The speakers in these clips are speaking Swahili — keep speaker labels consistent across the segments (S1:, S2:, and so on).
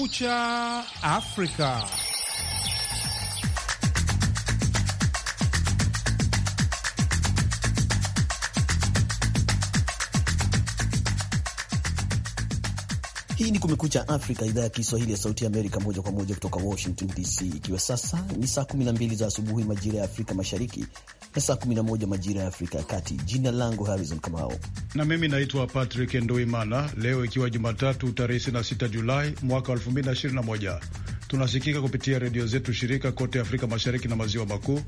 S1: Kumekucha Afrika.
S2: Hii ni Kumekucha Afrika, idhaa ya Kiswahili ya Sauti ya Amerika, moja kwa moja kutoka Washington DC, ikiwa sasa ni saa 12 za asubuhi majira ya Afrika Mashariki, na saa 11 majira ya Afrika ya Kati. Jina langu Harrison Kamao
S3: na mimi naitwa Patrick Nduimana. Leo ikiwa Jumatatu tarehe 26 Julai mwaka 2021 tunasikika kupitia redio zetu shirika kote Afrika Mashariki na Maziwa Makuu,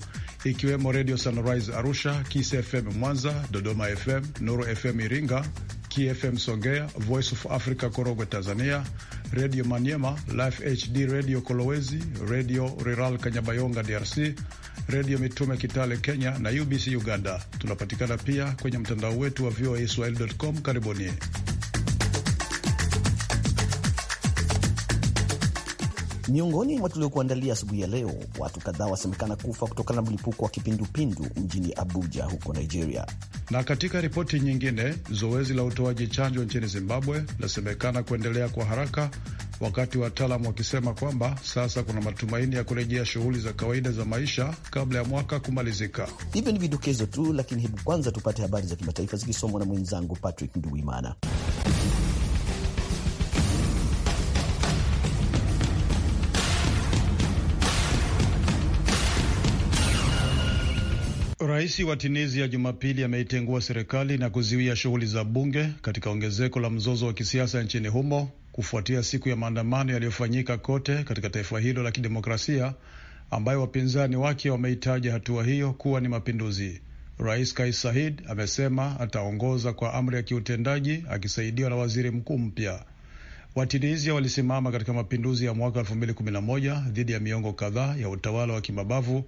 S3: ikiwemo Redio Sunrise Arusha, Kis FM Mwanza, Dodoma FM, Nuru FM Iringa, KFM Songea, Voice of Africa Korogwe Tanzania, Redio Maniema, Life HD, Redio Kolowezi, Redio Rural Kanyabayonga DRC, Redio Mitume Kitale Kenya na UBC Uganda. Tunapatikana pia kwenye mtandao wetu wa voa voaswahili.com. Karibuni.
S2: Miongoni mwa tuliokuandalia asubuhi ya leo, watu kadhaa wasemekana kufa kutokana na mlipuko wa kipindupindu mjini Abuja huko Nigeria.
S3: Na katika ripoti nyingine, zoezi la utoaji chanjo nchini Zimbabwe linasemekana kuendelea kwa haraka, wakati wataalamu wakisema kwamba sasa kuna matumaini ya kurejea shughuli za kawaida za maisha kabla ya mwaka kumalizika. Hivyo ni vidokezo tu,
S2: lakini hebu kwanza tupate habari za kimataifa zikisomwa na mwenzangu Patrick Nduwimana.
S3: Rais wa Tunisia Jumapili ameitengua serikali na kuziwia shughuli za bunge katika ongezeko la mzozo wa kisiasa nchini humo kufuatia siku ya maandamano yaliyofanyika kote katika taifa hilo la kidemokrasia ambayo wapinzani wake wameitaja hatua hiyo kuwa ni mapinduzi. Rais Kais Saied amesema ataongoza kwa amri ya kiutendaji akisaidiwa na waziri mkuu mpya. Watunisia walisimama katika mapinduzi ya mwaka 2011 dhidi ya miongo kadhaa ya utawala wa kimabavu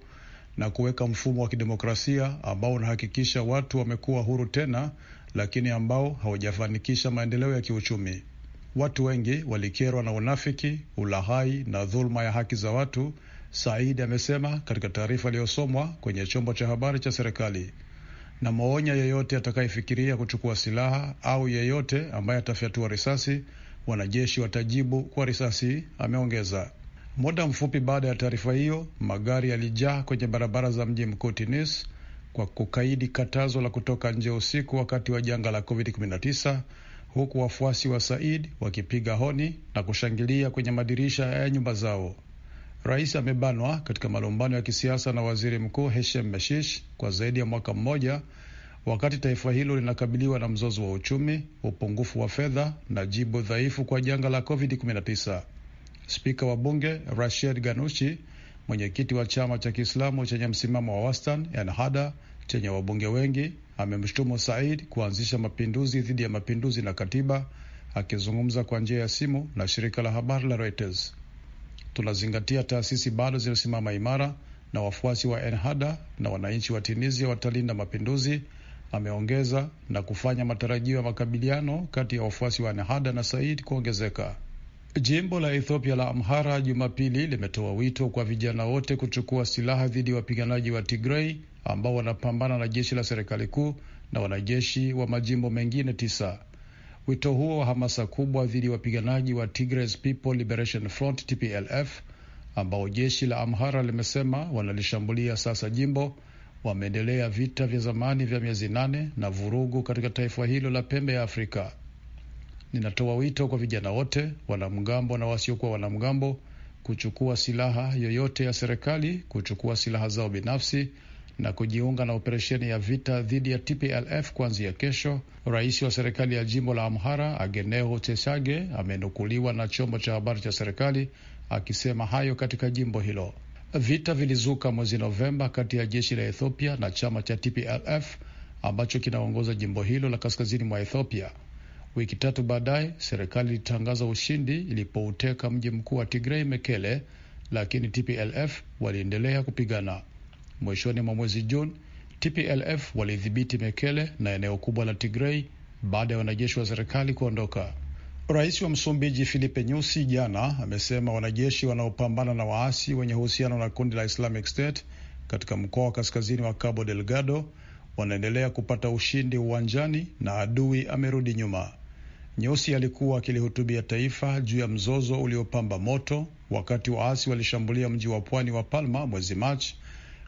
S3: na kuweka mfumo wa kidemokrasia ambao unahakikisha watu wamekuwa huru tena, lakini ambao hawajafanikisha maendeleo ya kiuchumi. Watu wengi walikerwa na unafiki, ulahai na dhuluma ya haki za watu, Said amesema katika taarifa iliyosomwa kwenye chombo cha habari cha serikali. Na maonya yeyote atakayefikiria kuchukua silaha au yeyote ambaye atafyatua risasi, wanajeshi watajibu kwa risasi, ameongeza. Muda mfupi baada ya taarifa hiyo, magari yalijaa kwenye barabara za mji mkuu Tunis kwa kukaidi katazo la kutoka nje usiku wakati wa janga la COVID-19, huku wafuasi wa Said wakipiga honi na kushangilia kwenye madirisha ya nyumba zao. Rais amebanwa katika malumbano ya kisiasa na waziri mkuu Heshem Meshish kwa zaidi ya mwaka mmoja, wakati taifa hilo linakabiliwa na mzozo wa uchumi, upungufu wa fedha na jibu dhaifu kwa janga la COVID-19. Spika wa bunge Rashid Ganushi, mwenyekiti wa chama cha Kiislamu chenye msimamo wa wastan Ennahda chenye wabunge wengi, amemshutumu Said kuanzisha mapinduzi dhidi ya mapinduzi na katiba. Akizungumza kwa njia ya simu na shirika la habari la Reuters, tunazingatia taasisi bado zinasimama imara na wafuasi wa Ennahda na wananchi wa Tunisia watalinda mapinduzi, ameongeza na kufanya matarajio ya makabiliano kati ya wafuasi wa Ennahda na Said kuongezeka. Jimbo la Ethiopia la Amhara Jumapili limetoa wito kwa vijana wote kuchukua silaha dhidi ya wapiganaji wa Tigrei ambao wanapambana na jeshi la serikali kuu na wanajeshi wa majimbo mengine tisa. Wito huo wa hamasa kubwa dhidi ya wapiganaji wa Tigray People Liberation Front TPLF ambao jeshi la Amhara limesema wanalishambulia sasa jimbo, wameendelea vita vya zamani vya miezi nane na vurugu katika taifa hilo la pembe ya Afrika. Ninatoa wito kwa vijana wote, wanamgambo na wasiokuwa wanamgambo, kuchukua silaha yoyote ya serikali, kuchukua silaha zao binafsi na kujiunga na operesheni ya vita dhidi ya TPLF kuanzia kesho. Rais wa serikali ya jimbo la Amhara Ageneo Chesage amenukuliwa na chombo cha habari cha serikali akisema hayo katika jimbo hilo. Vita vilizuka mwezi Novemba kati ya jeshi la Ethiopia na chama cha TPLF ambacho kinaongoza jimbo hilo la kaskazini mwa Ethiopia. Wiki tatu baadaye serikali ilitangaza ushindi ilipouteka mji mkuu wa Tigrei, Mekele, lakini TPLF waliendelea kupigana. Mwishoni mwa mwezi Juni, TPLF walidhibiti Mekele na eneo kubwa la Tigrei baada ya wanajeshi wa serikali kuondoka. Rais wa Msumbiji Filipe Nyusi jana amesema wanajeshi wanaopambana na waasi wenye uhusiano na kundi la Islamic State katika mkoa wa kaskazini wa Cabo Delgado wanaendelea kupata ushindi uwanjani na adui amerudi nyuma. Nyeusi alikuwa akilihutubia taifa juu ya mzozo uliopamba moto wakati waasi walishambulia mji wa pwani wa Palma mwezi Machi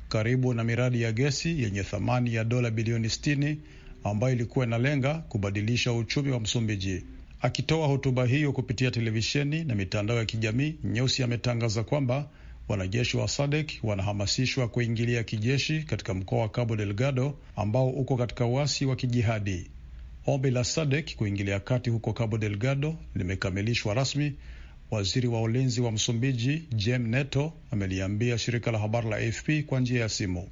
S3: karibu na miradi ya gesi yenye thamani ya dola bilioni 60 ambayo ilikuwa inalenga kubadilisha uchumi wa Msumbiji. Akitoa hotuba hiyo kupitia televisheni na mitandao ya kijamii, Nyeusi ametangaza kwamba wanajeshi wa sadek wanahamasishwa kuingilia kijeshi katika mkoa wa Cabo Delgado ambao uko katika uasi wa kijihadi. Ombi la SADC kuingilia kati huko Cabo Delgado limekamilishwa rasmi. Waziri wa ulinzi wa Msumbiji Jem Neto ameliambia shirika la habari la AFP kwa njia ya simu.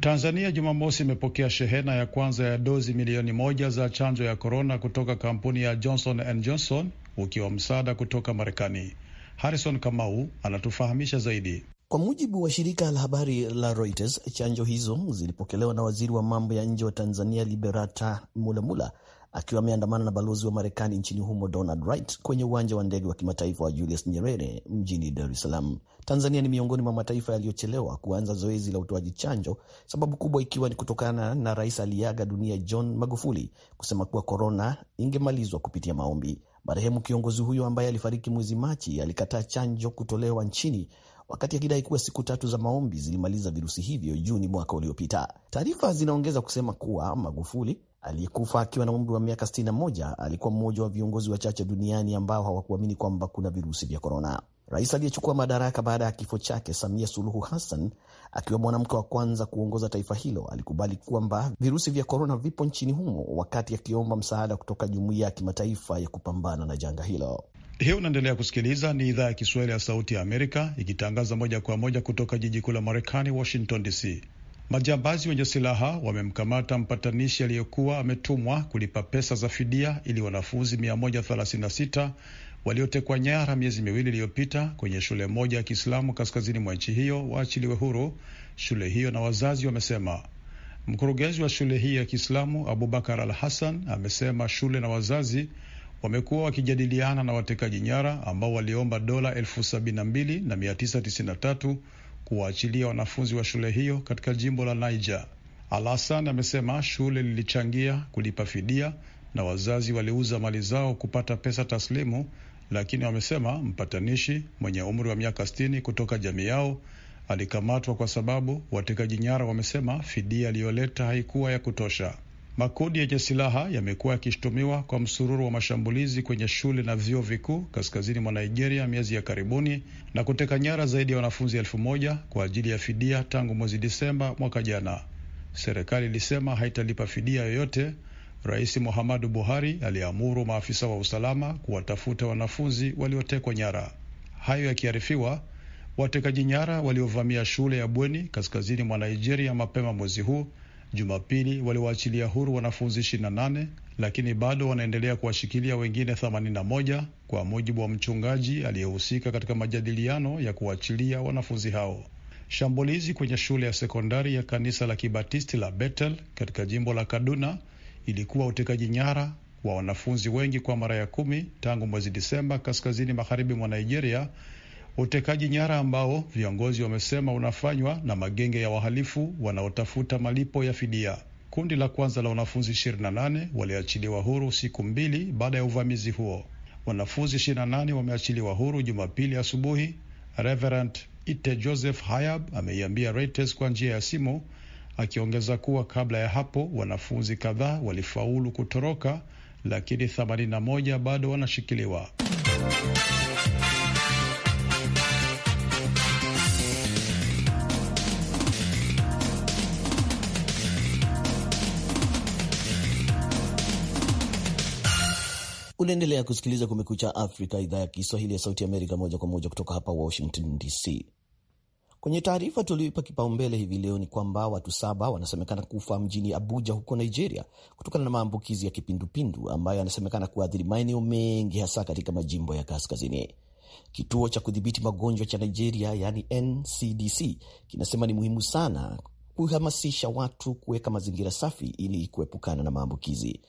S3: Tanzania Jumamosi imepokea shehena ya kwanza ya dozi milioni moja za chanjo ya korona kutoka kampuni ya Johnson and Johnson, ukiwa msaada kutoka Marekani. Harrison Kamau anatufahamisha zaidi. Kwa mujibu wa shirika la habari la Reuters, chanjo hizo zilipokelewa na waziri wa mambo
S2: ya nje wa Tanzania Liberata Mulamula akiwa ameandamana na balozi wa Marekani nchini humo Donald Wright kwenye uwanja wa ndege wa kimataifa wa Julius Nyerere mjini Dar es Salaam. Tanzania ni miongoni mwa mataifa yaliyochelewa kuanza zoezi la utoaji chanjo, sababu kubwa ikiwa ni kutokana na rais aliaga dunia John Magufuli kusema kuwa korona ingemalizwa kupitia maombi. Marehemu kiongozi huyo ambaye alifariki mwezi Machi alikataa chanjo kutolewa nchini wakati akidai kuwa siku tatu za maombi zilimaliza virusi hivyo Juni mwaka uliopita. Taarifa zinaongeza kusema kuwa Magufuli aliyekufa akiwa na umri wa miaka 61 alikuwa mmoja wa viongozi wachache duniani ambao hawakuamini kwamba kuna virusi vya korona. Rais aliyechukua madaraka baada ya kifo chake Samia Suluhu Hassan, akiwa mwanamke wa kwanza kuongoza taifa hilo, alikubali kwamba virusi vya korona vipo nchini humo, wakati akiomba msaada kutoka jumuiya ya kimataifa ya kupambana na janga hilo.
S3: Hiyo unaendelea kusikiliza, ni idhaa ya Kiswahili ya Sauti ya Amerika ikitangaza moja kwa moja kutoka jiji kuu la Marekani, Washington DC. Majambazi wenye silaha wamemkamata mpatanishi aliyekuwa ametumwa kulipa pesa za fidia ili wanafunzi 136 waliotekwa nyara miezi miwili iliyopita kwenye shule moja ya Kiislamu kaskazini mwa nchi hiyo waachiliwe huru, shule hiyo na wazazi wamesema. Mkurugenzi wa shule hii ya Kiislamu Abubakar Al Hassan amesema shule na wazazi wamekuwa wakijadiliana na watekaji nyara ambao waliomba dola elfu sabini na mbili na mia tisa tisini na tatu kuwaachilia wanafunzi wa shule hiyo katika jimbo la Niger. Alhasan amesema shule lilichangia kulipa fidia na wazazi waliuza mali zao kupata pesa taslimu, lakini wamesema mpatanishi mwenye umri wa miaka 60 kutoka jamii yao alikamatwa kwa sababu watekaji nyara wamesema fidia aliyoleta haikuwa ya kutosha. Makundi yenye silaha yamekuwa yakishutumiwa kwa msururu wa mashambulizi kwenye shule na vyuo vikuu kaskazini mwa Nigeria miezi ya karibuni na kuteka nyara zaidi ya wanafunzi elfu moja kwa ajili ya fidia tangu mwezi Disemba mwaka jana. Serikali ilisema haitalipa fidia yoyote. Rais Muhammadu Buhari aliamuru maafisa wa usalama kuwatafuta wanafunzi waliotekwa nyara. Hayo yakiarifiwa, watekaji nyara waliovamia shule ya bweni kaskazini mwa Nigeria mapema mwezi huu Jumapili waliwaachilia huru wanafunzi 28 lakini bado wanaendelea kuwashikilia wengine 81 kwa mujibu wa mchungaji aliyehusika katika majadiliano ya kuwaachilia wanafunzi hao. Shambulizi kwenye shule ya sekondari ya kanisa la Kibatisti la Bethel katika jimbo la Kaduna ilikuwa utekaji nyara wa wanafunzi wengi kwa mara ya kumi tangu mwezi Disemba kaskazini magharibi mwa Nigeria utekaji nyara ambao viongozi wamesema unafanywa na magenge ya wahalifu wanaotafuta malipo ya fidia. Kundi la kwanza la wanafunzi 28 waliachiliwa huru siku mbili baada ya uvamizi huo. Wanafunzi 28 wameachiliwa huru Jumapili asubuhi. Reverend Ite Joseph Hayab ameiambia Reuters kwa njia ya simu, akiongeza kuwa kabla ya hapo wanafunzi kadhaa walifaulu kutoroka, lakini 81 bado wanashikiliwa.
S2: Unaendelea kusikiliza Kumekucha Afrika, idhaa ya Kiswahili ya Sauti Amerika, moja kwa moja kutoka hapa Washington DC. Kwenye taarifa tulioipa kipaumbele hivi leo ni kwamba watu saba wanasemekana kufa mjini Abuja huko Nigeria kutokana na maambukizi ya kipindupindu ambayo yanasemekana kuathiri maeneo mengi hasa katika majimbo ya kaskazini. Kituo cha kudhibiti magonjwa cha Nigeria, yani NCDC, kinasema ni muhimu sana kuhamasisha watu kuweka mazingira safi ili kuepukana na maambukizi.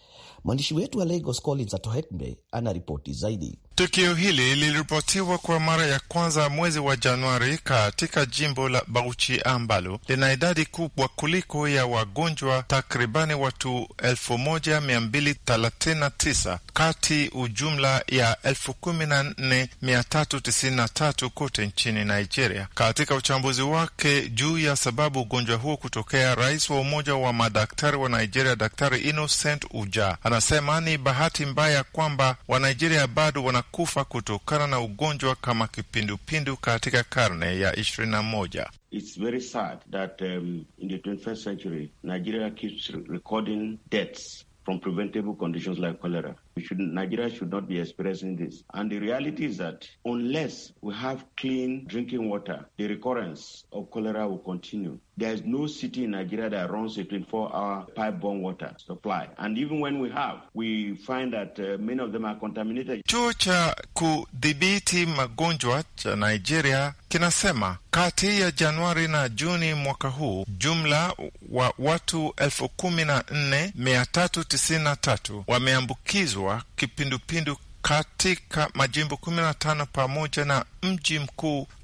S2: Mwandishi wetu wa Lagos Collins Atohekbe, ana ripoti zaidi.
S1: Tukio hili liliripotiwa kwa mara ya kwanza mwezi wa Januari katika jimbo la Bauchi ambalo lina idadi kubwa kuliko ya wagonjwa takribani watu 1239 kati ujumla ya 14393 kote nchini Nigeria. Katika uchambuzi wake juu ya sababu ugonjwa huo kutokea, rais wa umoja wa madaktari wa Nigeria Daktari Innocent Uja anasema ni bahati mbaya kwamba Wanigeria bado wana wanakufa kutokana na ugonjwa kama kipindupindu katika karne ya ishirini na moja. It's very sad that, um, in the 21st century, Nigeria keeps recording deaths from preventable conditions like cholera. We should, Nigeria should not be experiencing this. And the reality is that unless we have clean drinking water, the recurrence of cholera will continue. There is no city in Nigeria that runs a 24-hour pipe-borne water supply. And even when we have, we find that uh, many of them are contaminated. Chuo cha kudhibiti magonjwa cha Nigeria kinasema kati ya Januari na Juni mwaka huu jumla wa watu elfu wameambukizwa kuongezwa kipindupindu katika majimbo kumi na tano pamoja na mji mkuu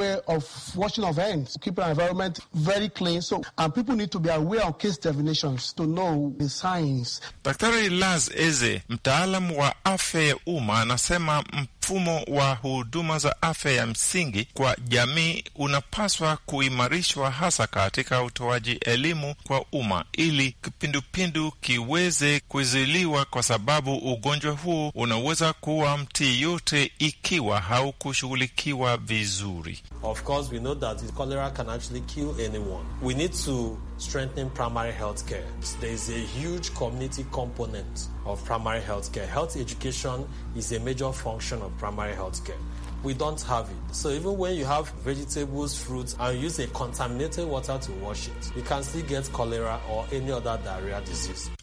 S3: way of washing of hands, keeping our environment very clean. So, and people need to be aware of case definitions to know the signs.
S1: Daktari Laz Eze, mtaalamu wa afya ya umma, anasema mfumo wa huduma za afya ya msingi kwa jamii unapaswa kuimarishwa hasa katika utoaji elimu kwa umma ili kipindupindu kiweze kuzuiliwa, kwa sababu ugonjwa huu unaweza kuwa mti yote ikiwa haukushughulikiwa vizuri.
S2: Of course we know that cholera can actually kill anyone. We need to strengthen primary health care. There is a huge community component of primary health care. Health education is a major function of primary health care. We don't have it. So even when you have vegetables, fruits, and use a contaminated water to wash it, you can still get cholera or any other diarrhea disease.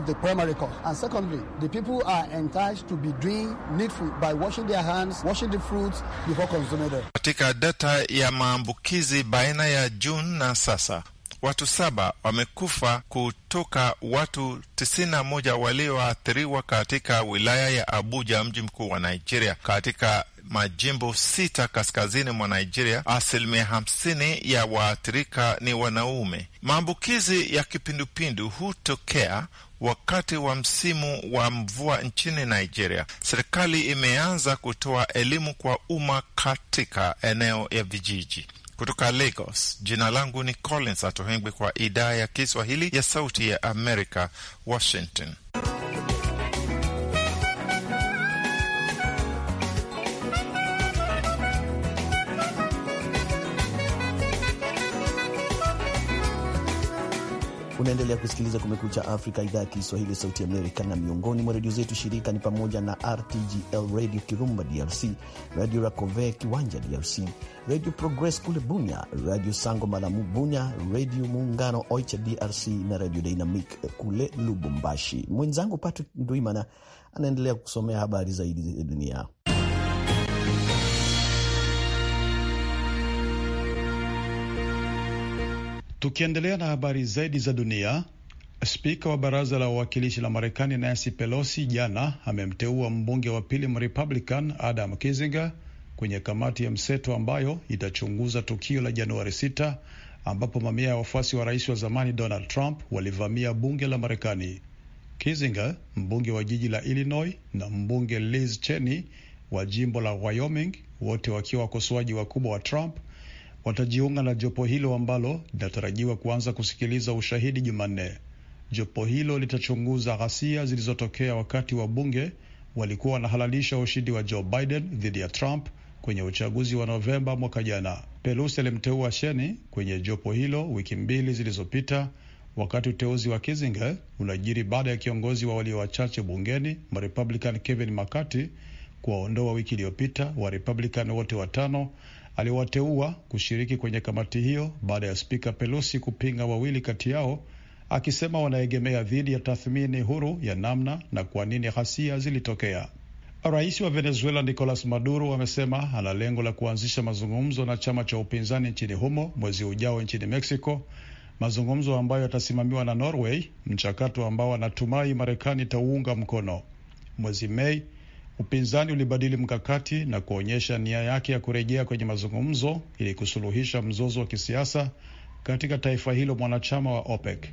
S3: of the primary cause. And secondly, the people are encouraged to be doing needful by washing their hands, washing the fruits before consuming them.
S1: Katika data ya maambukizi baina ya June na sasa watu saba wamekufa kutoka watu tisini moja walioathiriwa katika wilaya ya Abuja, mji mkuu wa Nigeria. Katika majimbo sita kaskazini mwa Nigeria, asilimia hamsini ya waathirika ni wanaume. Maambukizi ya kipindupindu hutokea wakati wa msimu wa mvua nchini Nigeria. Serikali imeanza kutoa elimu kwa umma katika eneo ya vijiji. Kutoka Lagos, jina langu ni Collins Atohengwi kwa idhaa ya Kiswahili ya Sauti ya Amerika, Washington.
S2: Unaendelea kusikiliza Kumekucha Afrika, idhaa ya Kiswahili ya Sauti Amerika. Na miongoni mwa redio zetu shirika ni pamoja na RTGL Radio Kirumba DRC, Radio Racove Kiwanja DRC, Radio Progress kule Bunya, Radio Sango Malamu Bunya, Radio Muungano Oicha DRC na Radio Dynamic kule Lubumbashi. Mwenzangu Patrick Ndwimana anaendelea kusomea habari zaidi za dunia.
S3: Tukiendelea na habari zaidi za dunia, spika wa baraza la wawakilishi la Marekani Nancy Pelosi jana amemteua mbunge wa pili Mrepublican Adam Kinzinger kwenye kamati ya mseto ambayo itachunguza tukio la Januari 6 ambapo mamia ya wafuasi wa rais wa zamani Donald Trump walivamia bunge la Marekani. Kissinger, mbunge wa jiji la Illinois, na mbunge Liz Cheney wa jimbo la Wyoming, wote wakiwa wakosoaji wakubwa wa Trump, watajiunga na jopo hilo ambalo linatarajiwa kuanza kusikiliza ushahidi Jumanne. Jopo hilo litachunguza ghasia zilizotokea wakati wa bunge walikuwa wanahalalisha ushindi wa Joe Biden dhidi ya Trump kwenye uchaguzi wa Novemba mwaka jana. Pelosi alimteua Sheni kwenye jopo hilo wiki mbili zilizopita, wakati uteuzi wa Kissinger unajiri baada ya kiongozi wa walio wachache bungeni Mrepublican Kevin McCarthy kuwaondoa wiki iliyopita Warepublican wote watano aliwateua kushiriki kwenye kamati hiyo baada ya spika Pelosi kupinga wawili kati yao, akisema wanaegemea dhidi ya tathmini huru ya namna na kwa nini ghasia zilitokea. Rais wa Venezuela Nicolas Maduro amesema ana lengo la kuanzisha mazungumzo na chama cha upinzani nchini humo mwezi ujao nchini Mexico, mazungumzo ambayo yatasimamiwa na Norway, mchakato ambao anatumai Marekani itauunga mkono. Mwezi Mei, Upinzani ulibadili mkakati na kuonyesha nia yake ya kurejea kwenye mazungumzo ili kusuluhisha mzozo wa kisiasa katika taifa hilo mwanachama wa OPEC.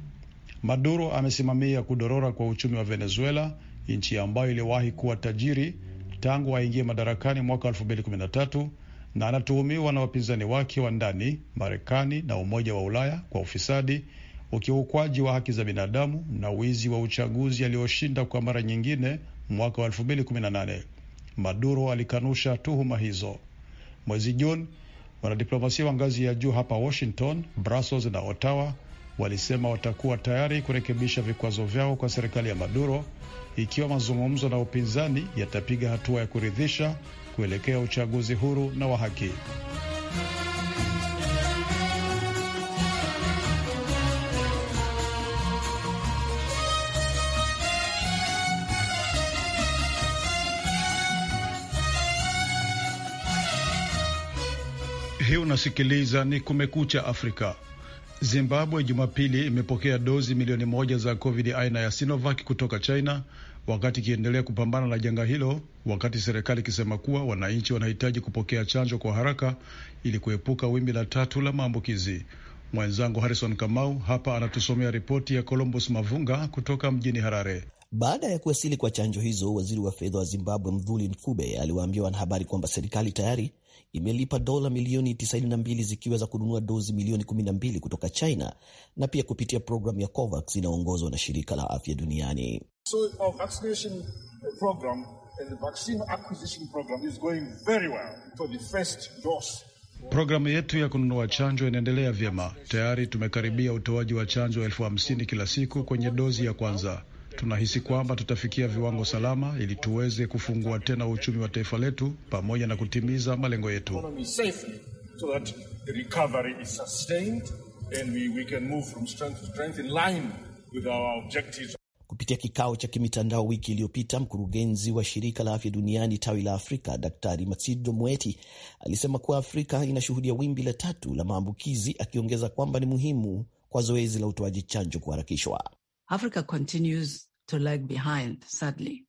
S3: Maduro amesimamia kudorora kwa uchumi wa Venezuela, nchi ambayo iliwahi kuwa tajiri tangu aingie madarakani mwaka 2013 na anatuhumiwa na wapinzani wake wa ndani, Marekani na Umoja wa Ulaya kwa ufisadi, ukiukwaji wa haki za binadamu na wizi wa uchaguzi aliyoshinda kwa mara nyingine mwaka wa 2018. Maduro alikanusha tuhuma hizo. Mwezi Juni, wanadiplomasia wa ngazi ya juu hapa Washington, Brussels na Ottawa walisema watakuwa tayari kurekebisha vikwazo vyao kwa serikali ya Maduro ikiwa mazungumzo na upinzani yatapiga hatua ya kuridhisha kuelekea uchaguzi huru na wa haki. Hii unasikiliza ni Kumekucha Afrika. Zimbabwe Jumapili imepokea dozi milioni moja za COVID aina ya Sinovac kutoka China wakati ikiendelea kupambana na janga hilo, wakati serikali ikisema kuwa wananchi wanahitaji kupokea chanjo kwa haraka ili kuepuka wimbi la tatu la maambukizi. Mwenzangu Harrison Kamau hapa anatusomea ripoti ya Columbus Mavunga kutoka mjini Harare. Baada ya kuwasili kwa chanjo hizo,
S2: waziri wa fedha wa Zimbabwe Mdhuli Ncube aliwaambia wanahabari kwamba serikali tayari imelipa dola milioni 92 zikiwa za kununua dozi milioni 12 kutoka China na pia kupitia programu ya COVAX inaongozwa na shirika la afya
S3: duniani. So our vaccination program and the vaccine acquisition program is going very well for the first dose. Programu yetu ya kununua chanjo inaendelea vyema. Tayari tumekaribia utoaji wa chanjo elfu hamsini kila siku kwenye dozi ya kwanza. Tunahisi kwamba tutafikia viwango salama ili tuweze kufungua tena uchumi wa taifa letu pamoja na kutimiza malengo yetu.
S2: Kupitia kikao cha kimitandao wiki iliyopita, mkurugenzi wa shirika la afya duniani tawi la Afrika, Daktari Matsido mweti alisema kuwa Afrika inashuhudia wimbi la tatu la maambukizi, akiongeza kwamba ni muhimu kwa zoezi la utoaji chanjo kuharakishwa.
S4: Africa continues to lag behind, sadly.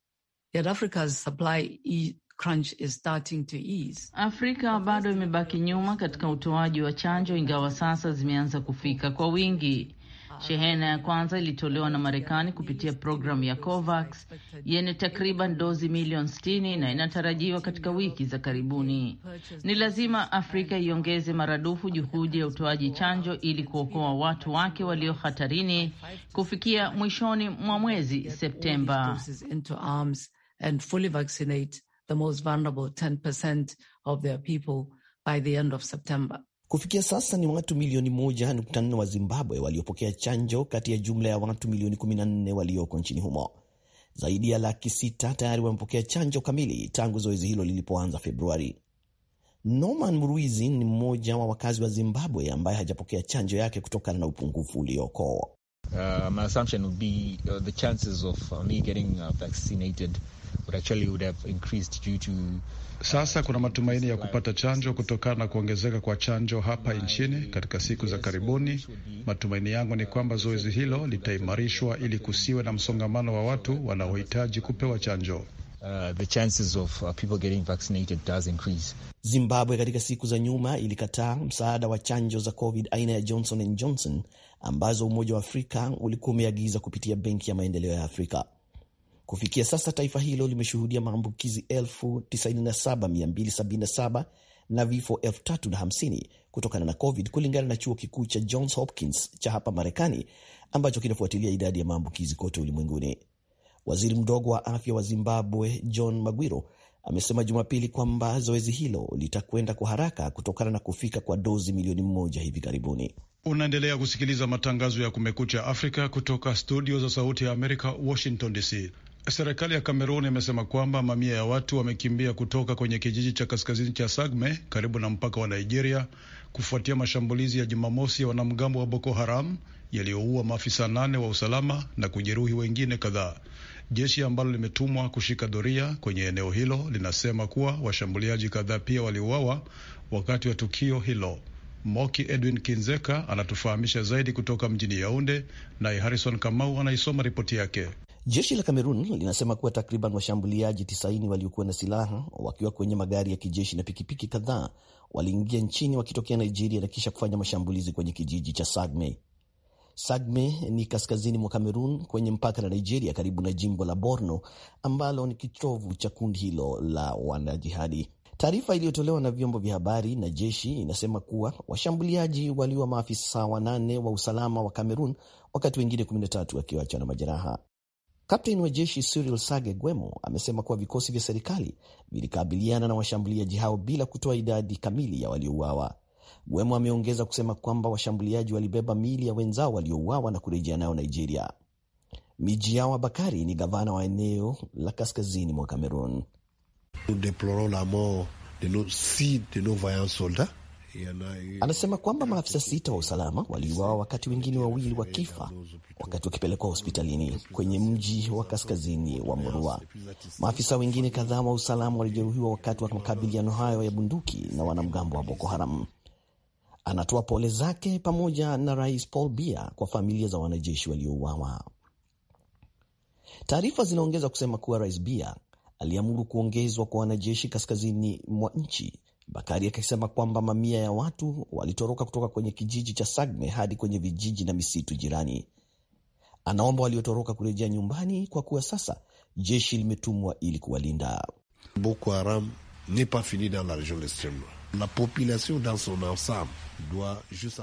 S4: Yet Africa's supply e crunch is starting to ease. Afrika bado imebaki nyuma katika utoaji wa chanjo, ingawa sasa zimeanza kufika kwa wingi. Shehena ya kwanza ilitolewa na Marekani kupitia programu ya COVAX yenye takriban dozi milioni 60 na inatarajiwa katika wiki za karibuni. Ni lazima Afrika iongeze maradufu juhudi ya utoaji chanjo ili kuokoa watu wake walio hatarini kufikia mwishoni mwa mwezi Septemba. The most vulnerable 10% of their people by the end of September.
S2: Kufikia sasa ni watu milioni 1.4 wa Zimbabwe waliopokea chanjo kati ya jumla ya watu milioni 14 walioko nchini humo. Zaidi ya laki sita tayari wamepokea chanjo kamili tangu zoezi hilo lilipoanza Februari. Norman Mruizi ni mmoja wa wakazi wa Zimbabwe ambaye hajapokea chanjo yake kutokana na upungufu ulioko. Uh,
S3: Uh, Sasa kuna matumaini ya kupata chanjo kutokana na kuongezeka kwa chanjo hapa nchini katika siku za karibuni. Matumaini yangu ni kwamba zoezi hilo litaimarishwa ili kusiwe na msongamano wa watu wanaohitaji kupewa chanjo. Uh, the chances of uh, people getting vaccinated
S2: does increase. Zimbabwe katika siku za nyuma ilikataa msaada wa chanjo za COVID aina ya Johnson and Johnson ambazo Umoja wa Afrika ulikuwa umeagiza kupitia Benki ya Maendeleo ya Afrika. Kufikia sasa taifa hilo limeshuhudia maambukizi 97277 na vifo 350 kutokana na COVID kulingana na chuo kikuu cha Johns Hopkins cha hapa Marekani ambacho kinafuatilia idadi ya maambukizi kote ulimwenguni. Waziri mdogo wa afya wa Zimbabwe John Magwiro amesema Jumapili kwamba zoezi hilo litakwenda kwa haraka kutokana na kufika kwa dozi milioni moja hivi karibuni.
S3: Unaendelea kusikiliza matangazo ya Kumekucha Afrika kutoka studio za Sauti ya Amerika, Washington DC. Serikali ya Kamerun imesema kwamba mamia ya watu wamekimbia kutoka kwenye kijiji cha kaskazini cha Sagme karibu na mpaka wa Nigeria kufuatia mashambulizi ya Jumamosi ya wanamgambo wa Boko Haram yaliyoua maafisa nane wa usalama na kujeruhi wengine kadhaa. Jeshi ambalo limetumwa kushika doria kwenye eneo hilo linasema kuwa washambuliaji kadhaa pia waliuawa wakati wa tukio hilo. Moki Edwin Kinzeka anatufahamisha zaidi kutoka mjini Yaunde, naye Harrison Kamau anaisoma ripoti yake.
S2: Jeshi la Cameroon linasema kuwa takriban washambuliaji 90 waliokuwa na silaha wakiwa kwenye magari ya kijeshi na pikipiki kadhaa waliingia nchini wakitokea Nigeria na kisha kufanya mashambulizi kwenye kijiji cha Sagme. Sagme ni kaskazini mwa Cameroon kwenye mpaka na Nigeria, karibu na jimbo la Borno ambalo ni kitovu cha kundi hilo la wanajihadi. Taarifa iliyotolewa na vyombo vya habari na jeshi inasema kuwa washambuliaji waliwa maafisa wanane wa usalama wa Cameroon, wakati wengine 13 wakiwachwa na majeraha. Kapteni wa jeshi Cyril Sage Gwemo amesema kuwa vikosi vya serikali vilikabiliana na washambuliaji hao bila kutoa idadi kamili ya waliouawa. Gwemo ameongeza kusema kwamba washambuliaji walibeba miili ya wenzao waliouawa na kurejea nayo Nigeria. yao Bakari ni gavana wa eneo la kaskazini mwa Cameroon. Anasema kwamba maafisa sita wa usalama waliuawa wakati wengine wawili wakifa wakati wakipelekwa hospitalini kwenye mji wa kaskazini wa Murua. Maafisa wengine kadhaa wa usalama walijeruhiwa wakati wa makabiliano hayo ya bunduki na wanamgambo wa Boko Haram. Anatoa pole zake pamoja na Rais Paul Biya kwa familia za wanajeshi waliouawa. Taarifa zinaongeza kusema kuwa Rais Biya aliamuru kuongezwa kwa wanajeshi kaskazini mwa nchi Bakari akisema kwamba mamia ya watu walitoroka kutoka kwenye kijiji cha Sagne hadi kwenye vijiji na misitu jirani. Anaomba waliotoroka kurejea nyumbani kwa kuwa sasa jeshi limetumwa ili kuwalinda. Boko Haram pas fini dans la la population dans son ensemble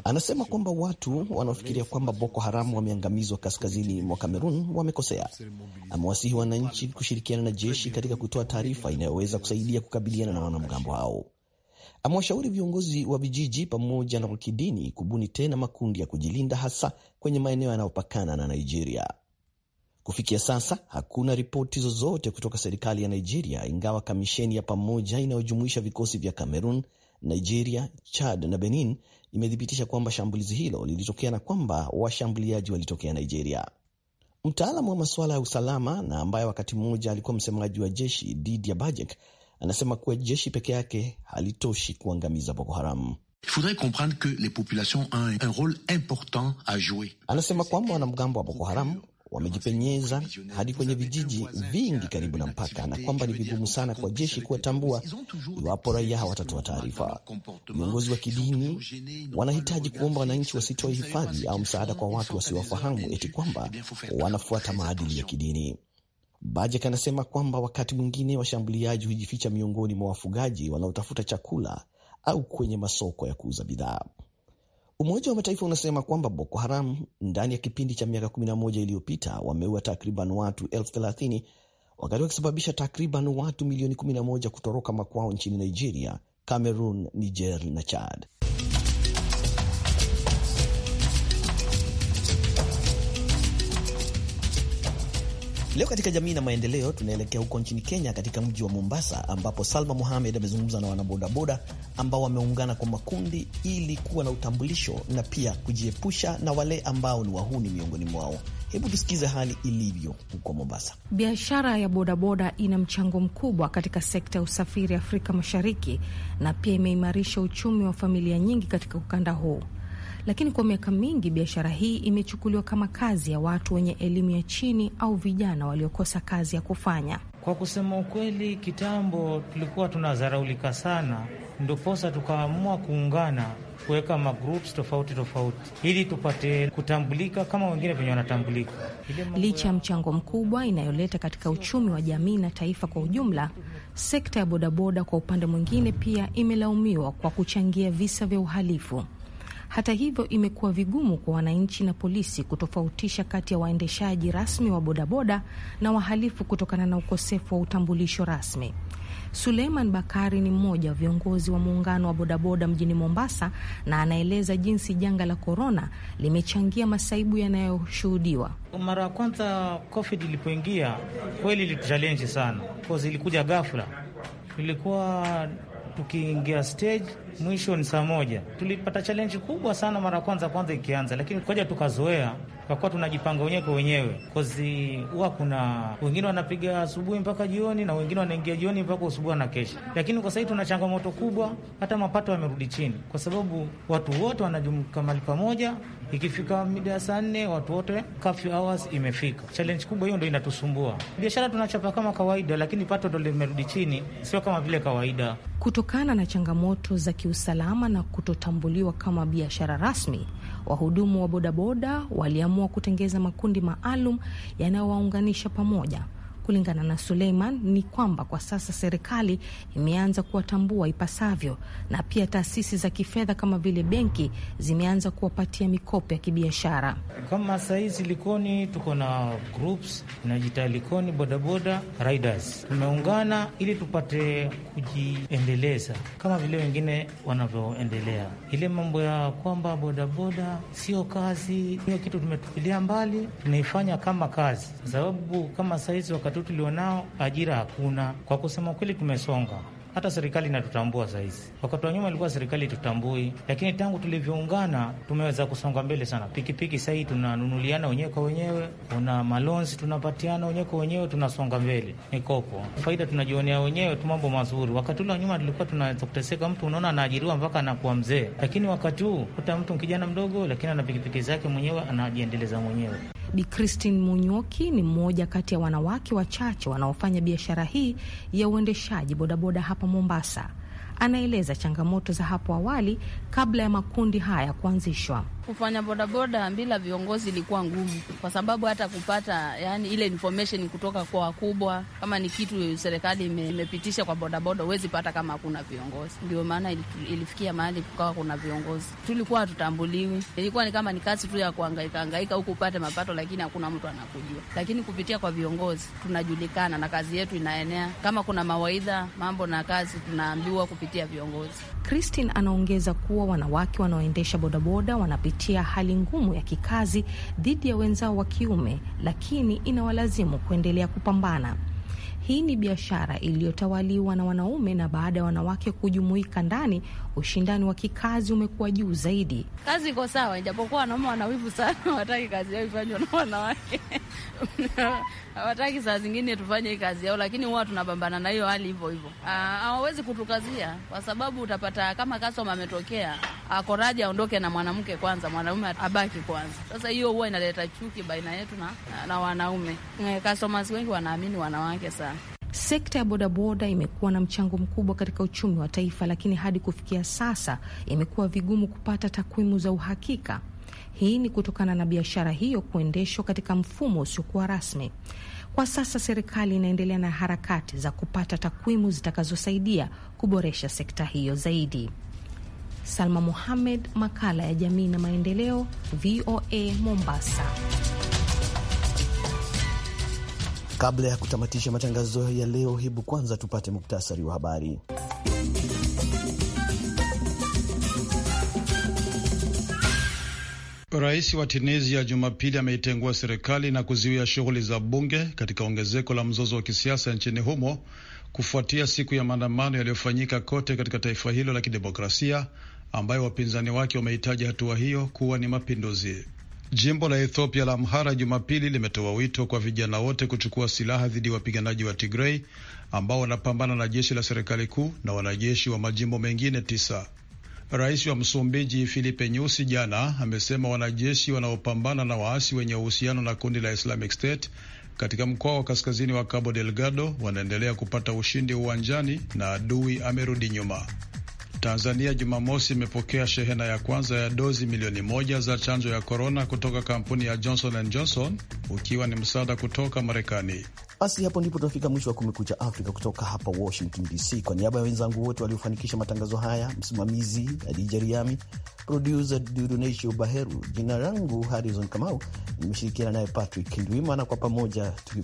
S2: Anasema kwamba watu wanaofikiria kwamba Boko Haram wameangamizwa kaskazini mwa Kamerun wamekosea. Amewasihi wananchi kushirikiana na jeshi katika kutoa taarifa inayoweza kusaidia kukabiliana na wanamgambo hao amewashauri viongozi wa vijiji pamoja na wakidini kubuni tena makundi ya kujilinda hasa kwenye maeneo yanayopakana na Nigeria. Kufikia sasa hakuna ripoti zozote kutoka serikali ya Nigeria, ingawa kamisheni ya pamoja inayojumuisha vikosi vya Cameroon, Nigeria, Chad na Benin imethibitisha kwamba shambulizi hilo lilitokea na kwamba washambuliaji walitokea Nigeria. Mtaalamu wa masuala ya usalama na ambaye wakati mmoja alikuwa msemaji wa jeshi Didier Bajek anasema kuwa jeshi peke yake halitoshi kuangamiza Boko Haram. Anasema kwamba wanamgambo wa Boko Haram wamejipenyeza hadi kwenye vijiji vingi karibu na mpaka na kwamba ni vigumu sana kwa jeshi kuwatambua iwapo raia hawatatoa taarifa. Viongozi wa kidini wanahitaji kuomba wananchi wasitoe hifadhi au msaada kwa watu wasiowafahamu eti kwamba wanafuata maadili ya kidini. Bajek anasema kwamba wakati mwingine washambuliaji hujificha miongoni mwa wafugaji wanaotafuta chakula au kwenye masoko ya kuuza bidhaa. Umoja wa Mataifa unasema kwamba Boko Haram ndani ya kipindi cha miaka 11 iliyopita wameua takriban watu elfu thelathini wakati wakisababisha takriban watu milioni 11 kutoroka makwao nchini Nigeria, Cameroon, Niger na Chad. Leo katika jamii na maendeleo, tunaelekea huko nchini Kenya, katika mji wa Mombasa, ambapo Salma muhamed amezungumza na wanabodaboda ambao wameungana kwa makundi ili kuwa na utambulisho na pia kujiepusha na wale ambao ni wahuni miongoni mwao. Hebu tusikize hali ilivyo huko Mombasa.
S5: Biashara ya bodaboda ina mchango mkubwa katika sekta ya usafiri Afrika Mashariki na pia imeimarisha uchumi wa familia nyingi katika ukanda huu lakini kwa miaka mingi biashara hii imechukuliwa kama kazi ya watu wenye elimu ya chini au vijana waliokosa kazi ya kufanya.
S6: Kwa kusema ukweli, kitambo tulikuwa tunadharaulika sana, ndoposa tukaamua kuungana kuweka magroups tofauti tofauti ili tupate kutambulika kama wengine venye wanatambulika.
S5: Licha ya mchango mkubwa inayoleta katika uchumi wa jamii na taifa kwa ujumla, sekta ya bodaboda kwa upande mwingine pia imelaumiwa kwa kuchangia visa vya uhalifu. Hata hivyo, imekuwa vigumu kwa wananchi na polisi kutofautisha kati ya waendeshaji rasmi wa bodaboda na wahalifu kutokana na ukosefu wa utambulisho rasmi. Suleiman Bakari ni mmoja wa viongozi wa muungano wa bodaboda mjini Mombasa na anaeleza jinsi janga la korona limechangia masaibu yanayoshuhudiwa.
S6: Mara ya kwanza COVID ilipoingia kweli ilituchalenji sana, ilikuja ghafla, ilikuwa tukiingia stage mwisho ni saa moja. Tulipata challenge kubwa sana mara kwanza kwanza ikianza, lakini koja tukazoea, tukakuwa tunajipanga wenyewe kwa wenyewe, kozi huwa kuna wengine wanapiga asubuhi mpaka jioni na wengine wanaingia jioni mpaka usubuhi asubuhi kesha. Lakini kwa sahii tuna changamoto kubwa, hata mapato yamerudi chini, kwa sababu watu wote wanajumka mali pamoja Ikifika mida ya saa nne watu wote, kafyu hours imefika. Challenge kubwa hiyo ndo inatusumbua. Biashara tunachapa kama kawaida, lakini pato ndo limerudi chini, sio kama vile kawaida,
S5: kutokana na changamoto za kiusalama na kutotambuliwa kama biashara rasmi, wahudumu wa bodaboda waliamua kutengeza makundi maalum yanayowaunganisha pamoja Kulingana na Suleiman ni kwamba kwa sasa serikali imeanza kuwatambua ipasavyo, na pia taasisi za kifedha kama vile benki zimeanza kuwapatia mikopo ya kibiashara.
S6: Kama sahizi Likoni tuko na groups Likoni bodaboda riders, tumeungana ili tupate kujiendeleza kama vile wengine wanavyoendelea. Ile mambo ya kwamba bodaboda sio kazi, hiyo kitu tumetupilia mbali, tunaifanya kama kazi, kwa sababu kama sahizi wakati tu tulionao, ajira hakuna. Kwa kusema kweli, tumesonga hata serikali inatutambua saa hizi. Wakati wa nyuma ilikuwa serikali itutambui, lakini tangu tulivyoungana tumeweza kusonga mbele sana. Pikipiki saa hii tunanunuliana wenyewe kwa wenyewe, kuna malonzi tunapatiana wenyewe kwa wenyewe, tunasonga mbele. Mikopo faida tunajionea wenyewe tu, mambo mazuri. Wakati ule wa nyuma tulikuwa tunaweza kuteseka, mtu unaona anaajiriwa mpaka anakuwa mzee, lakini wakati huu kuta mtu kijana mdogo, lakini ana pikipiki zake mwenyewe, anajiendeleza mwenyewe.
S5: Bi Christine Munyoki ni mmoja kati ya wanawake wachache wanaofanya biashara hii ya uendeshaji bodaboda hapa Mombasa anaeleza changamoto za hapo awali kabla ya makundi haya kuanzishwa.
S4: Kufanya bodaboda bila viongozi ilikuwa ngumu, kwa sababu hata kupata yani ile information kutoka kwa wakubwa, kama ni kitu serikali imepitisha kwa bodaboda, huwezi pata kama hakuna viongozi. Ndio maana ilifikia mahali kukawa kuna viongozi, tulikuwa hatutambuliwi. Ilikuwa ni kama ni kazi tu ya kuhangaika hangaika huku upate mapato, lakini hakuna mtu anakujua. Lakini kupitia kwa viongozi tunajulikana na kazi yetu inaenea. Kama kuna mawaidha mambo na kazi tunaambiwa kupitia kupitia viongozi.
S5: Christine anaongeza kuwa wanawake wanaoendesha bodaboda wanapitia hali ngumu ya kikazi dhidi ya wenzao wa kiume, lakini inawalazimu kuendelea kupambana. Hii ni biashara iliyotawaliwa na wanaume, na baada ya wanawake kujumuika ndani, ushindani wa kikazi umekuwa juu zaidi.
S4: Kazi iko sawa, ijapokuwa wanaume wanawivu sana, hawataki kazi yao ifanywe na wanawake hawataki saa zingine tufanye hii kazi yao, lakini huwa tunapambana na hiyo hali hivyo hivyo. Ah, hawawezi kutukazia kwa sababu utapata kama kasoma ametokea akoraji aondoke na mwanamke kwanza, mwanaume abaki kwanza. Sasa hiyo huwa inaleta chuki baina yetu na, na wanaume. Eh, customers wengi wanaamini wanawake sana.
S5: Sekta ya bodaboda imekuwa na mchango mkubwa katika uchumi wa taifa, lakini hadi kufikia sasa imekuwa vigumu kupata takwimu za uhakika. Hii ni kutokana na biashara hiyo kuendeshwa katika mfumo usiokuwa rasmi. Kwa sasa serikali inaendelea na harakati za kupata takwimu zitakazosaidia kuboresha sekta hiyo zaidi. Salma Mohamed, makala ya jamii na maendeleo, VOA Mombasa.
S2: Kabla ya kutamatisha matangazo ya leo, hebu kwanza tupate muktasari wa habari.
S3: Rais wa Tunisia Jumapili ameitengua serikali na kuziwia shughuli za bunge katika ongezeko la mzozo wa kisiasa nchini humo kufuatia siku ya maandamano yaliyofanyika kote katika taifa hilo la kidemokrasia ambayo wapinzani wake wamehitaji hatua hiyo kuwa ni mapinduzi. Jimbo la Ethiopia la Amhara Jumapili limetoa wito kwa vijana wote kuchukua silaha dhidi ya wapiganaji wa Tigrei ambao wanapambana na jeshi la serikali kuu na wanajeshi wa majimbo mengine tisa. Rais wa Msumbiji Filipe Nyusi jana amesema wanajeshi wanaopambana na waasi wenye uhusiano na kundi la Islamic State katika mkoa wa kaskazini wa Cabo Delgado wanaendelea kupata ushindi uwanjani na adui amerudi nyuma. Tanzania Jumamosi imepokea shehena ya kwanza ya dozi milioni moja za chanjo ya korona kutoka kampuni ya Johnson and Johnson ukiwa ni msaada kutoka Marekani.
S2: Basi hapo ndipo tunafika mwisho wa Kumekucha Afrika kutoka hapa Washington DC. Kwa niaba ya wenzangu wote waliofanikisha matangazo haya, msimamizi Adija Riami, produsa Dudunesho Baheru, jina langu Harrison Kamau, nimeshirikiana naye Patrick Ndwimana, kwa pamoja tuki